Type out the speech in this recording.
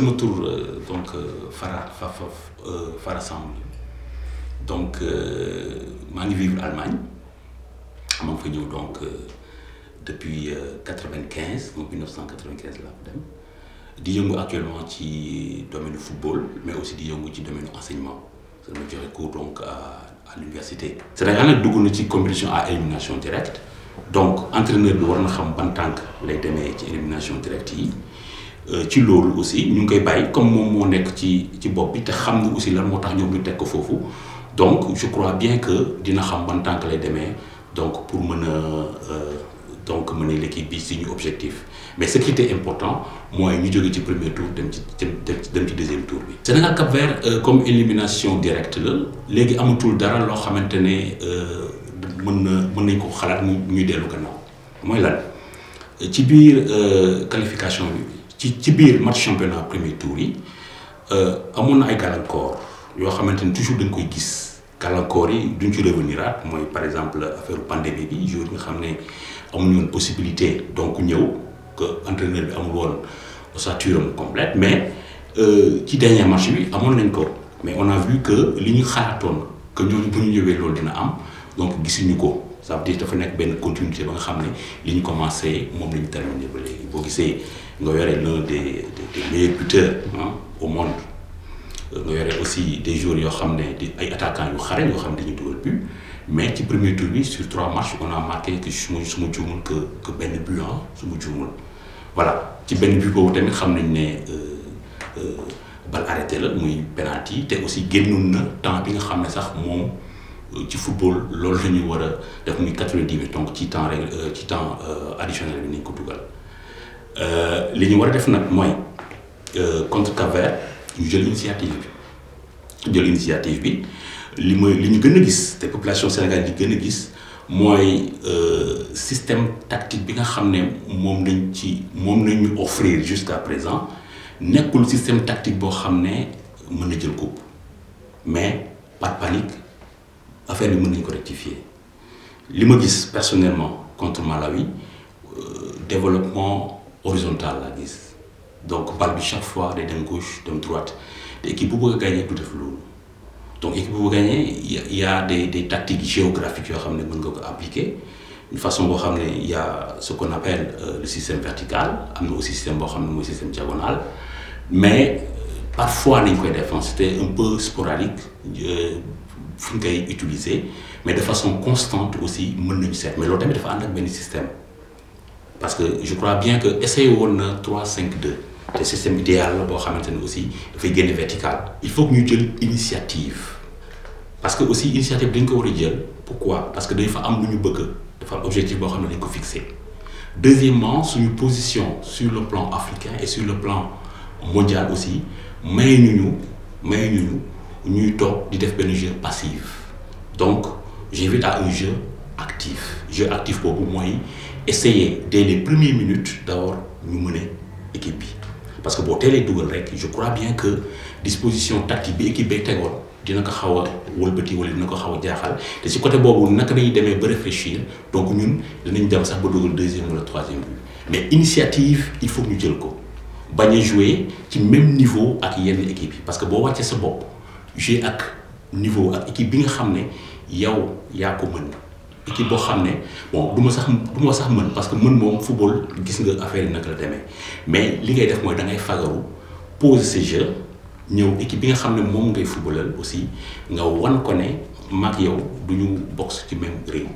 sama tur euh, donc Fara euh, Fara euh, donc maa ngi vivre Allemagne maa ngi donc depuis 95 donc 1995 là mille neuf cent quatre actuellement ci domaine football mais aussi di qui ci domaine enseignement parce que ma joxe cours donc à à l'université. C'est nag dugg ci compétition à élimination directe donc entraîneur de war na xam ban deux élimination directe yi. Euh, ci loolu aussi ñu ngi koy bàyyi comme moom moo nekk ci ci bopp bi te xam aussi lan moo tax ñoom ñu teg ko foofu donc je crois bien que dina xam ban tànk lay demee donc pour mën a euh, donc mener l'équipe bi suñu objectif mais ce qui était important mooy ñu jóge ci premier tour dem ci dem ci deuxième tour bi. Sénégal Cap Vert euh, comme élimination directe la léegi amatul dara loo xamante ne mën na mën nañ ko xalaat mu ñuy dellu gannaaw mooy lan ci biir qualification bi ci ci biir match championnat premier tour yi euh, amoon na ay gàllankoor yoo xamante ni toujours dañ koy gis gàllankoor yi duñ ci revenir aat mooy par exemple affaire pandémie bi jour yi nga xam ne amuñu woon possibilité donc ñëw que entraîneur bi amul woon ossature complète mais euh, ci dernier match bi amoon nañ ko mais on a vu que li ñu xalaatoon que ñooñu bu ñu ñëwee loolu dina am donc gisuñu ko ça veut dire dafa nekk benn continuité ba nga xam ne li commencé moom la ñu terminé ba léegi boo gisee nga yore l'un des des meilleurs buteurs hein, au monde euh, nga yore aussi des jours yoo xam ne di ay attaquants yu xarañ yoo xam ne dañuy dugal but mais ci premier tour bi sur trois matchs on a marqué que su ma su ma juumul que que benn but ah su ma juumul voilà ci benn but boobu tamit xam nañ ne euh, euh, bal arrêté la muy penalty te aussi génnoon na temps bi nga xam ne sax moom ci football loolu la ñu war a def muy 90 minutes donc ci temps règle euh, ci temps euh, additionnel bi nañ ko dugal euh, li ñu war a def nag mooy contre Cap-Vert ñu jël initiative bi jël initiative bi li mooy li ñu gën a gis te population Sénégal di gën a gis mooy système tactique bi nga xam ne moom lañ ci moom lañ ñu offrir jusqu'à présent nekkul système tactique boo xam ne mën na jël coupe mais pas panique affaire bi mën nañu personnellement contre Malawi euh, développement horizontal donc parle de chaque fois des gauche d'une droite L'équipe qui gagner, gagner plus de donc équipe pour gagner, il y a des tactiques géographiques qui sont appliquées. De une façon il y a ce qu'on appelle euh, le système vertical le système système diagonal mais euh, parfois les défense hein. était un peu sporadique fu utiliser mais de façon constante aussi mais l'autre tamit un système parce que je crois bien que essayé 3 5 2 un système idéal pour faut aussi vertical il faut que nous une initiative parce que aussi initiative est ko pourquoi parce que dañ fa am avons ñu bëgg objectif boo xam fixé deuxièmement une position sur le plan africain et sur le plan mondial aussi may avons une may nous sommes di def jeu passif donc j'invite à un jeu actif jeu actif pour moi.. essayer dès les premières minutes d'avoir une mener équipe parce que vous avez double rek je crois bien que La disposition tactique bi équipe bay tegoon dina ko xaw a wëlbati wala dina ko xaw a jaaxal te si côté boobu a vous avez ba réfléchir donc nous avons dem sax ba dugal deuxième troisième but mais l'initiative.. il faut que jël ko bañ a jouer ci même niveau ak l'équipe..! équipe parce que avez wàccee sa bopp jouer ak niveau ak équipe bi nga xam ne yow yaa ko mën équipe boo xam ne bon du ma sax du ma sax mën parce que mën moom football gis nga affaire yi naka la demee mais li ngay def mooy da ngay fagaru poser ses jeux ñëw équipe bi nga xam ne moom ngay footballal aussi nga wan ko ne mag yow du ñu bokk ci même réew.